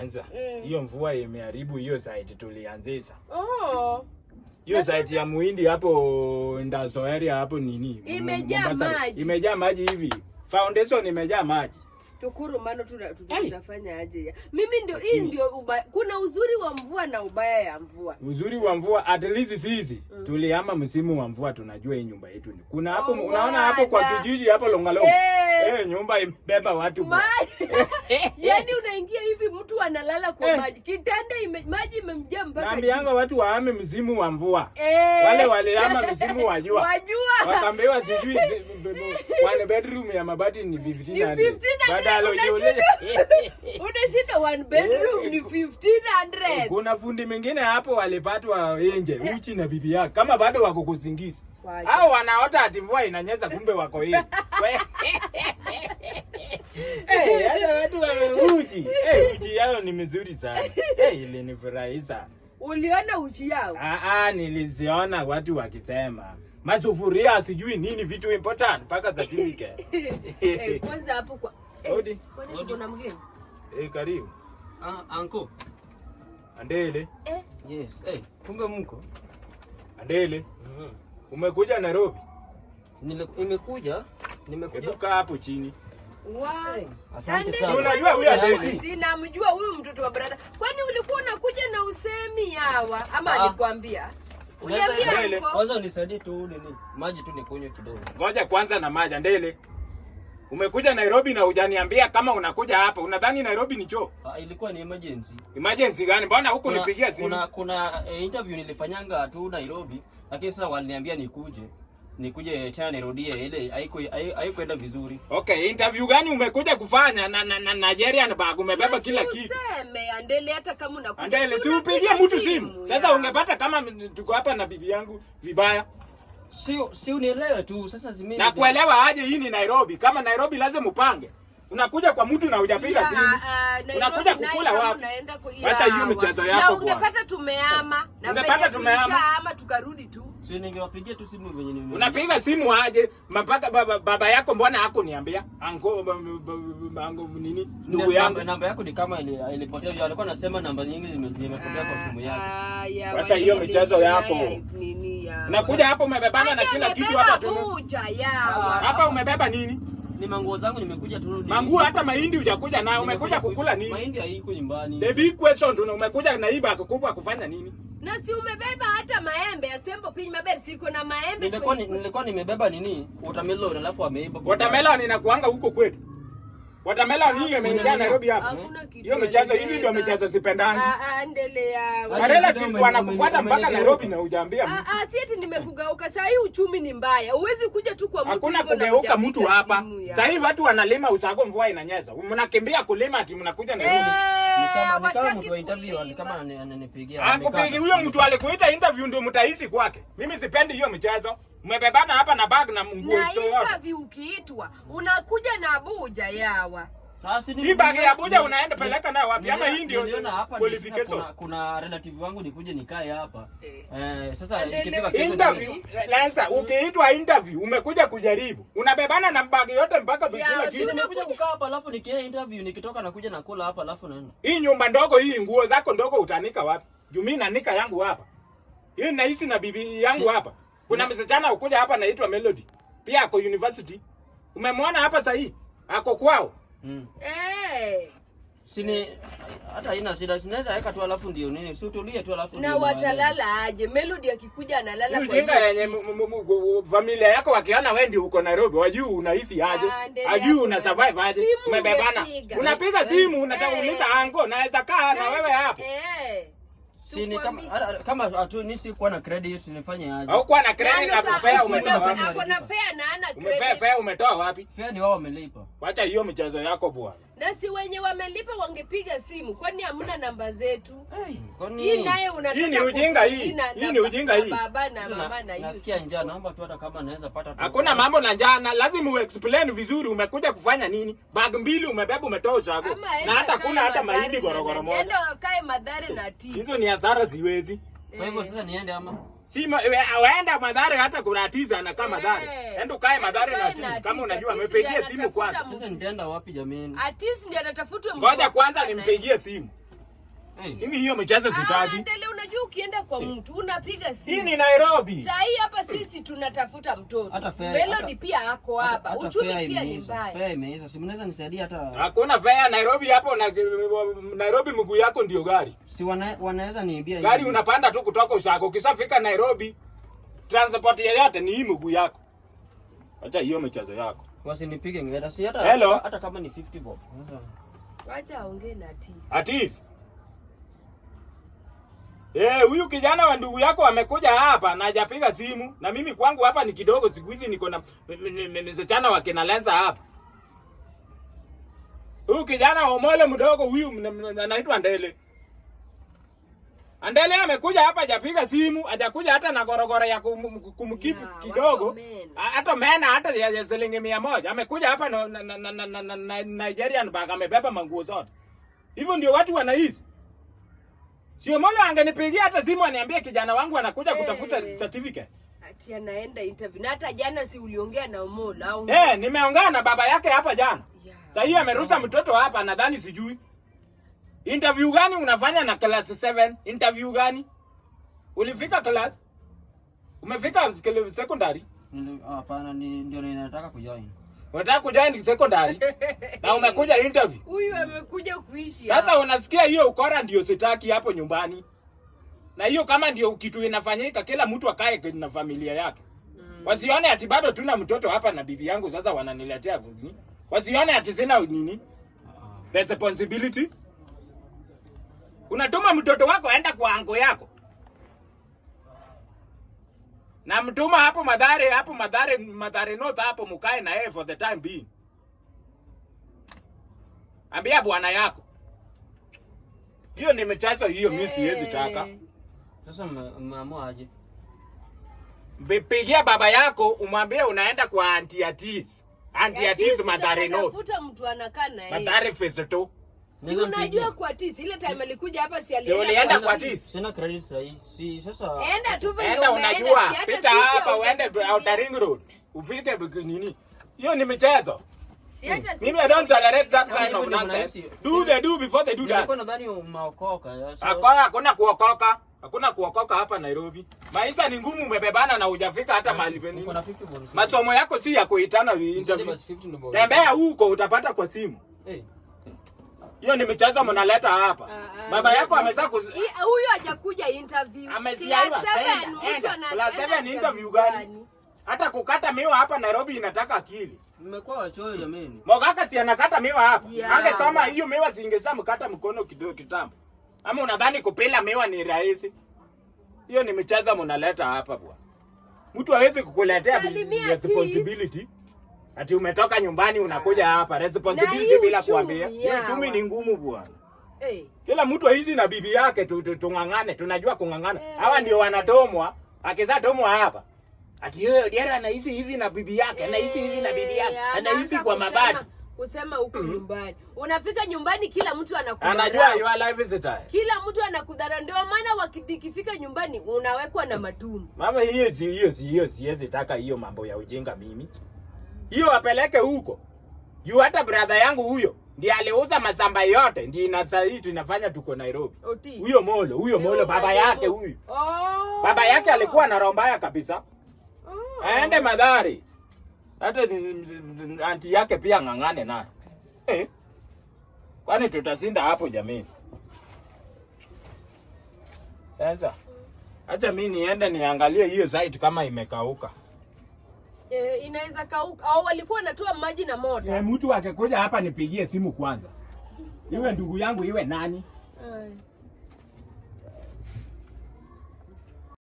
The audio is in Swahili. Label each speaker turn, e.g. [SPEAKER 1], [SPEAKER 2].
[SPEAKER 1] anza mm. hiyo mm. Mvua imeharibu hiyo site tulianzisha
[SPEAKER 2] oh.
[SPEAKER 1] Hiyo site ya muhindi hapo ndazoeria hapo nini
[SPEAKER 2] imejaa maji,
[SPEAKER 1] imejaa maji hivi, foundation imejaa maji
[SPEAKER 2] tukuru mano tunafanya aje? ya Mimi ndio hii mm. ndio ubaya. Kuna uzuri wa mvua na ubaya ya mvua.
[SPEAKER 1] Uzuri wa mvua at least sisi mm. tulihama msimu wa mvua, tunajua hii nyumba yetu ni kuna hapo oh, unaona hapo kwa kijiji hapo Longalonga
[SPEAKER 2] eh,
[SPEAKER 1] hey, eh, nyumba imebeba watu
[SPEAKER 2] yaani unaingia hivi mtu analala kwa hey, eh. maji kitanda ime, maji imemjia mpaka
[SPEAKER 1] naambianga watu waame msimu wa mvua hey. Eh. Wale walihama msimu wa jua
[SPEAKER 2] wajua
[SPEAKER 1] wakaambiwa sijui wale bedroom ya mabati ni 15 15
[SPEAKER 2] unashinda one bedroom ni 1500. Eh.
[SPEAKER 1] Kuna fundi mengine hapo walipatwa nje uchi na bibi yake, kama bado wako kuzingizi au wanaota ati mvua inanyeza kumbe wako hii Hey, hata watu wa uchi. Hey, uchi yao ni mizuri sana. Hey, ilinifurahisa
[SPEAKER 2] Uliona uchi yao?
[SPEAKER 1] Ah, ah, niliziona watu wakisema masufuria sijui nini vitu important mpaka certificate.
[SPEAKER 2] Kwanza hapo Hodi. Kuna mgeni?
[SPEAKER 1] Eh, karibu.
[SPEAKER 3] Ah, anko.
[SPEAKER 1] Andele.
[SPEAKER 2] Eh.
[SPEAKER 3] Yes. Eh, kumbe mko?
[SPEAKER 1] Andele. Mhm. Umekuja Nairobi?
[SPEAKER 3] Nimekuja.
[SPEAKER 1] Nimekuja. Hebu kaa hapo chini.
[SPEAKER 2] Sinamjua huyu mtoto wa brada. Kwani ulikuwa unakuja na usemi yawa ama ah. alikwambia? Uliambia uko.
[SPEAKER 3] Kwanza tu nini? Maji tu nikunywe kidogo.
[SPEAKER 1] Ngoja kwanza na maji Andele. Umekuja Nairobi na hujaniambia kama unakuja hapa. Unadhani Nairobi ni choo?
[SPEAKER 3] Ah, ilikuwa ni emergency.
[SPEAKER 1] Emergency gani? Mbona huko nipigia simu?
[SPEAKER 3] Kuna kuna eh, interview nilifanyanga tu Nairobi, lakini sasa waliniambia nikuje. Nikuje tena nirudie ile haiko haikoenda vizuri.
[SPEAKER 1] Okay, interview gani umekuja kufanya na na, na Nigerian bag umebeba kila kitu.
[SPEAKER 2] Useme andele hata kama unakuja.
[SPEAKER 1] Andele si upigie mtu simu. Sasa ungepata kama tuko hapa na bibi yangu vibaya.
[SPEAKER 3] Sio, si unielewe tu sasa. zime.
[SPEAKER 1] na kuelewa aje? Hii ni Nairobi. Kama Nairobi lazima upange, unakuja kwa mtu na hujapiga simu,
[SPEAKER 2] Uh, uh, unakuja kukula wapi? Hata hiyo michezo yako bwana. Ungepata tumeama na ungepata tumeama ama tukarudi tu,
[SPEAKER 3] Sio ningewapigia tu simu venye nime.
[SPEAKER 1] Unapiga simu aje? Mpaka baba, baba yako mbona hako niambia? Ango ango nini?
[SPEAKER 3] Ndugu yangu namba yako ni kama ilipotea, ile alikuwa anasema namba nyingi zimepotea kwa simu yake.
[SPEAKER 2] Ah,
[SPEAKER 1] Hata hiyo michezo yako nini? Nakuja hapo umebebana na kila kitu hapa tu.
[SPEAKER 2] Ah, hapa umebeba nini?
[SPEAKER 3] Ni manguo zangu nimekuja tu.
[SPEAKER 1] Manguo hata mahindi hujakuja na umekuja kukula nini?
[SPEAKER 3] Mahindi haiko nyumbani.
[SPEAKER 1] The big question tu umekuja na iba kukubwa kufanya nini?
[SPEAKER 2] Na si umebeba hata maembe, ya sembo pinyi mabeli siko na maembe.
[SPEAKER 3] Nilikuwa nilikuwa nimebeba nini? Watermelon alafu ameiba.
[SPEAKER 1] Watermelon inakuanga huko kwetu. Watermelon hii imeingia Nairobi hapo. Hiyo michezo hivi ndio michezo sipendani.
[SPEAKER 2] Endelea.
[SPEAKER 1] Relatives wanakufuata mpaka Nairobi na hujaambia mtu.
[SPEAKER 2] Ah, si eti nimekugeuka. Sasa hii uchumi ni mbaya. Huwezi kuja tu kwa mtu. Hakuna
[SPEAKER 1] kugeuka mtu hapa. Sasa hivi watu wanalima usago mvua inanyesha. Mnakimbia kulima ati mnakuja Nairobi. Eh. Akupigi ah, huyo mtu alikuita interview ndio mtahisi kwake. Mimi sipendi hiyo michezo. Mmebebana hapa na bag na mungu.
[SPEAKER 2] Na interview ukiitwa unakuja na buja yawa
[SPEAKER 1] hii bagi ya unaenda peleka nayo wapi? Ama hii ndio
[SPEAKER 3] qualification. Kuna relative wangu nikuje nikae hapa. Eh, eh sasa ikifika
[SPEAKER 1] kesho interview, Lanza, mm. ukiitwa interview umekuja kujaribu. Unabebana na bagi yote mpaka
[SPEAKER 2] bila kitu.
[SPEAKER 3] Unakuja kukaa hapa alafu interview nikitoka nakuja hapa alafu naenda.
[SPEAKER 1] Hii nyumba ndogo hii nguo zako ndogo utanika wapi? Juu mimi nanika yangu hapa. Hii naishi na bibi yangu hapa. Kuna msichana ukuja hapa naitwa Melody. Pia ako university. Umemwona hapa sahii? Ako kwao.
[SPEAKER 3] Hmm.
[SPEAKER 2] Eh.
[SPEAKER 3] Sini hata ina shida, sinaweza weka tu alafu ndio nini, si utulie tu alafu
[SPEAKER 2] na watalala aje? Melody akikuja analala kwa jinga yenye
[SPEAKER 1] familia yako wakiona wewe ndio uko Nairobi, wajui unahisi ah, aje, ajui una survive aje, umebebana, unapiga simu eh. unatauliza Anko ah, naweza kaa na wewe hapo
[SPEAKER 2] eh.
[SPEAKER 3] Sini kama kama tu ni si kuwa na credit hiyo, sinifanye aje?
[SPEAKER 1] Au kuwa na credit na fair umetoa wapi?
[SPEAKER 2] Ako na fair na ana
[SPEAKER 1] credit. Fair umetoa wapi?
[SPEAKER 3] Fair ni wao wamelipa.
[SPEAKER 1] Wacha hiyo michezo yako bwana.
[SPEAKER 2] Na si wenye wamelipa wangepiga simu, kwani hamna namba zetu? Hii naye unataka.
[SPEAKER 1] Hii ni ujinga hii. Hii ni ujinga hii.
[SPEAKER 2] Baba na mama na Yusuf.
[SPEAKER 3] Nasikia njaa, naomba tu hata kama naweza pata
[SPEAKER 1] tu. Hakuna mambo na njaa, na lazima u explain vizuri umekuja kufanya nini? Bag mbili umebeba umetoa ushago. Na hata kuna hata mahindi gorogoro moja.
[SPEAKER 2] Nenda kae madhare na tii.
[SPEAKER 1] Hizo ni hasara ziwezi.
[SPEAKER 3] Kwa hivyo eh. sasa niende ama?
[SPEAKER 1] Si waenda madhare hata kuna tiza kama eh. madhare. Enda ukae madhare na tiza kama unajua amepigia simu kwanza.
[SPEAKER 3] Sasa nitaenda wapi jamani?
[SPEAKER 2] Atizi ndiye anatafutwa
[SPEAKER 1] mmoja. Ngoja kwanza nimpigie simu. Mimi hiyo michezo ah, sitaki.
[SPEAKER 2] Endelea, unajua ukienda kwa mtu unapiga simu.
[SPEAKER 1] Hii ni Nairobi.
[SPEAKER 2] Sasa hii hapa sisi tunatafuta mtoto. Melody pia ako hapa. Uchumi pia ni mbaya.
[SPEAKER 3] Fair imeiza. Si mnaweza nisaidia hata.
[SPEAKER 1] Hakuna fair Nairobi hapo na Nairobi mguu yako ndio gari.
[SPEAKER 3] Si wana, wanaweza niibia.
[SPEAKER 1] Gari unapanda tu kutoka Ushako. Ukishafika Nairobi transport yoyote ni hii mguu yako. Acha hiyo michezo yako.
[SPEAKER 3] nipige ngera. Si hata hata kama ni 50 bob.
[SPEAKER 2] Acha aongee na Atiz.
[SPEAKER 1] Atiz. Eh, huyu kijana wa ndugu yako amekuja hapa na hajapiga simu na mimi kwangu hapa ni kidogo siku hizi niko na msichana wa kina Lenza hapa. Huyu kijana wa omole mdogo huyu anaitwa Ndele. Andele amekuja hapa hajapiga simu, hajakuja hata na gorogoro ya kumkipu kidogo. Hata mena hata ya shilingi 100. Amekuja hapa na Nigerian bag amebeba manguo zote. Hivyo ndio watu wanaishi. Sio mbona angenipigia hata simu aniambie kijana wangu anakuja hey, eh. kutafuta certificate.
[SPEAKER 2] Ati anaenda interview. Na hata jana si uliongea na Omola au?
[SPEAKER 1] Eh, hey, nimeongea na baba yake hapa jana. Yeah. Sasa hii amerusha yeah, mtoto hapa nadhani sijui. Interview gani unafanya na class 7? Interview gani? Ulifika class? Umefika secondary?
[SPEAKER 3] Hapana, ndio ninataka kujoin.
[SPEAKER 1] Unataka ni secondary na umekuja interview.
[SPEAKER 2] Huyu amekuja kuishi.
[SPEAKER 1] Sasa unasikia hiyo ukora ndio sitaki hapo nyumbani. Na hiyo kama ndio kitu inafanyika kila mtu akae na familia yake. Mm. Wasione ati bado tuna mtoto hapa na bibi yangu sasa wananiletea vumbi. Wasione ati sina nini? Ah. Responsibility. Unatuma mtoto wako aenda kwa ango yako na mtuma hapo Madhare, hapo Madhare, Madhare North hapo, mukae na yeye for the time being. Ambia bwana yako hiyo ni michezo hiyo, mimi siwezi taka.
[SPEAKER 3] Sasa mmeamua aje?
[SPEAKER 1] Mpigia baba yako umwambie unaenda kwa anti atis, anti atis Madhare North, Madhare Festo
[SPEAKER 2] Si unajua kwa tisi ile time alikuja hapa si alienda. Si ulienda kwa tisi.
[SPEAKER 3] Sina credit sahi. Si sasa.
[SPEAKER 2] Enda tu vile
[SPEAKER 1] umeenda. Unajua pita hapa uende outer ring road. Upite nini? Hiyo ni michezo. Si hata hmm. Mimi I don't tolerate that kind of nonsense. Do the do before they do that.
[SPEAKER 3] Nilikuwa nadhani umeokoka.
[SPEAKER 1] Hakuna hakuna kuokoka. Hakuna kuokoka hapa Nairobi. Maisha ni ngumu, umebebana na hujafika hata mahali penye. Masomo yako si ya kuitana interview. Tembea huko utapata kwa simu. Eh hiyo ni michezo mnaleta hapa. Ah, ah. Baba yako amezaa huyu
[SPEAKER 2] hajakuja interview.
[SPEAKER 1] Ameziaiwa. Plus 7 interview gani? Hata kukata miwa hapa Nairobi inataka akili.
[SPEAKER 3] Mmekuwa wachoyo jamani.
[SPEAKER 1] Mogaka si anakata miwa hapa. Yeah. Angesema hiyo miwa zingeza mkata mkono kidogo kitambo. Ama unadhani kupela miwa ni rahisi? Hiyo ni michezo mnaleta hapa bwana. Mtu hawezi kukuletea responsibility. Ati umetoka nyumbani unakuja ah. hapa responsibility bila kuambia. Hiyo uchumi ni ngumu bwana. Hey. Eh. Kila mtu hizi na bibi yake tung'ang'ane, tunajua kung'ang'ana. Eh. Hawa hey, ndio wanatomwa, akiza tomwa hapa. Ati yeye Diara anahisi hivi na bibi yake, anahisi hey, hivi na bibi eh, yake, anahisi kwa mabati.
[SPEAKER 2] Kusema huko mm -hmm. Nyumbani. Unafika nyumbani kila mtu anakudharau.
[SPEAKER 1] Anajua you are live visitor.
[SPEAKER 2] Kila mtu anakudharau ndio maana wakidikifika nyumbani unawekwa na madumu.
[SPEAKER 1] Mama hiyo hiyo hiyo siwezi taka hiyo mambo ya ujenga mimi hiyo apeleke huko juu. Hata brother yangu huyo ndi aliuza masamba yote, ndi inasaidia tunafanya tuko Nairobi. Huyo Molo, huyo Molo baba yake huyu.
[SPEAKER 2] Oh.
[SPEAKER 1] Baba yake alikuwa na roho mbaya kabisa. Oh. Aende madhari. Hata anti yake pia ng'ang'ane naye. Eh. Kwani tutasinda hapo jamini? Sasa acha mimi niende niangalie hiyo site kama imekauka.
[SPEAKER 2] E, inaweza kauka au walikuwa wanatoa maji na moto.
[SPEAKER 1] Eh, mtu akikuja hapa nipigie simu kwanza, iwe ndugu yangu iwe nani Ay.